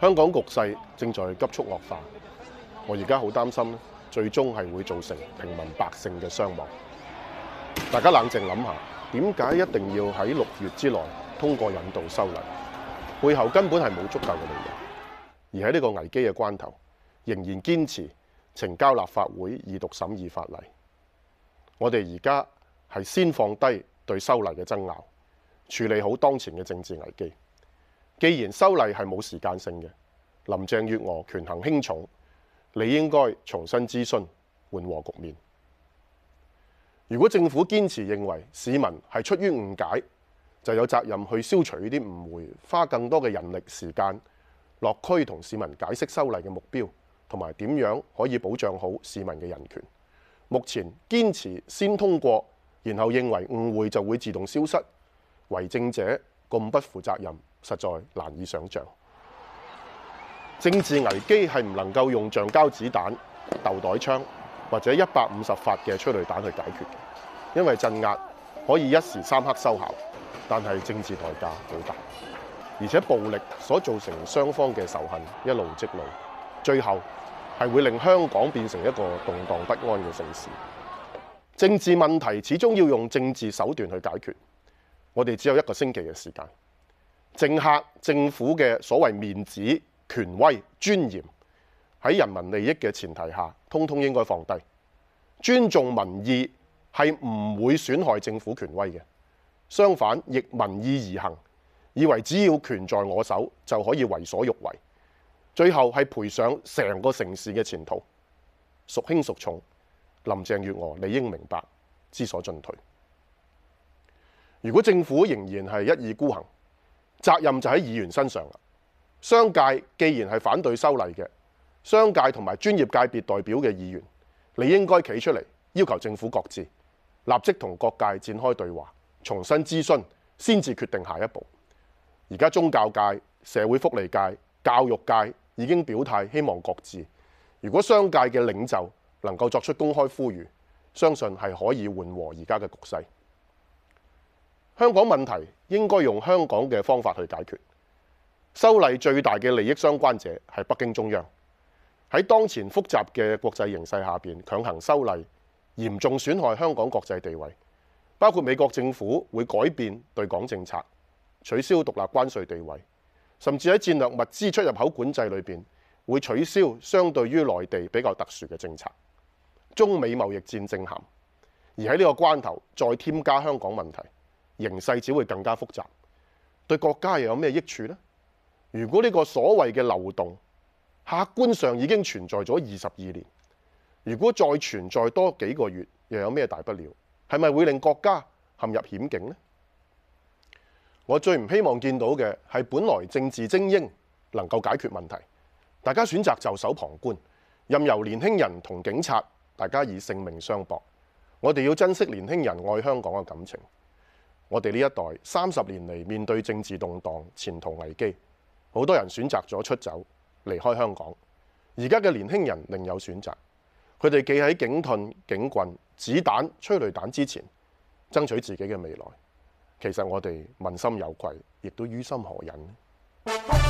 香港局勢正在急速惡化，我而家好擔心，最終係會造成平民百姓嘅傷亡。大家冷靜諗下，點解一定要喺六月之內通過引渡修例？背後根本係冇足夠嘅理由。而喺呢個危機嘅關頭，仍然堅持呈交立法會二讀審議法例。我哋而家係先放低對修例嘅爭拗，處理好當前嘅政治危機。既然修例係冇時間性嘅，林鄭月娥權衡輕重，你應該重新諮詢，緩和局面。如果政府堅持認為市民係出於誤解，就有責任去消除呢啲誤會，花更多嘅人力時間落區同市民解釋修例嘅目標，同埋點樣可以保障好市民嘅人權。目前堅持先通過，然後認為誤會就會自動消失，為政者咁不負責任。實在難以想像，政治危機係唔能夠用橡膠子彈、豆袋槍或者一百五十發嘅催淚彈去解決嘅，因為鎮壓可以一時三刻收效，但係政治代價好大，而且暴力所造成雙方嘅仇恨一路積累，最後係會令香港變成一個動蕩不安嘅城市。政治問題始終要用政治手段去解決，我哋只有一個星期嘅時間。政客、政府嘅所謂面子、權威、尊嚴，喺人民利益嘅前提下，通通應該放低。尊重民意係唔會損害政府權威嘅，相反逆民意而行，以為只要權在我手就可以為所欲為，最後係賠上成個城市嘅前途，孰輕孰重？林鄭月娥，你應明白，知所進退。如果政府仍然係一意孤行，責任就喺議員身上啦。商界既然係反對修例嘅，商界同埋專業界別代表嘅議員，你應該企出嚟要求政府擱置，立即同各界展開對話，重新諮詢先至決定下一步。而家宗教界、社會福利界、教育界已經表態希望擱置。如果商界嘅領袖能夠作出公開呼籲，相信係可以緩和而家嘅局勢。香港問題應該用香港嘅方法去解決。修例最大嘅利益相關者係北京中央。喺當前複雜嘅國際形勢下邊，強行修例，嚴重損害香港國際地位，包括美國政府會改變對港政策，取消獨立關稅地位，甚至喺戰略物資出入口管制裏邊會取消相對於內地比較特殊嘅政策。中美貿易戰正行，而喺呢個關頭再添加香港問題。形勢只會更加複雜，對國家又有咩益處呢？如果呢個所謂嘅漏洞客觀上已經存在咗二十二年，如果再存在多幾個月，又有咩大不了？係咪會令國家陷入險境呢？我最唔希望見到嘅係，本來政治精英能夠解決問題，大家選擇袖手旁觀，任由年輕人同警察大家以性命相搏。我哋要珍惜年輕人愛香港嘅感情。我哋呢一代三十年嚟面對政治動盪前途危機，好多人選擇咗出走，離開香港。而家嘅年輕人另有選擇，佢哋企喺警盾、警棍、子彈、催淚彈之前，爭取自己嘅未來，其實我哋問心有愧，亦都於心何忍。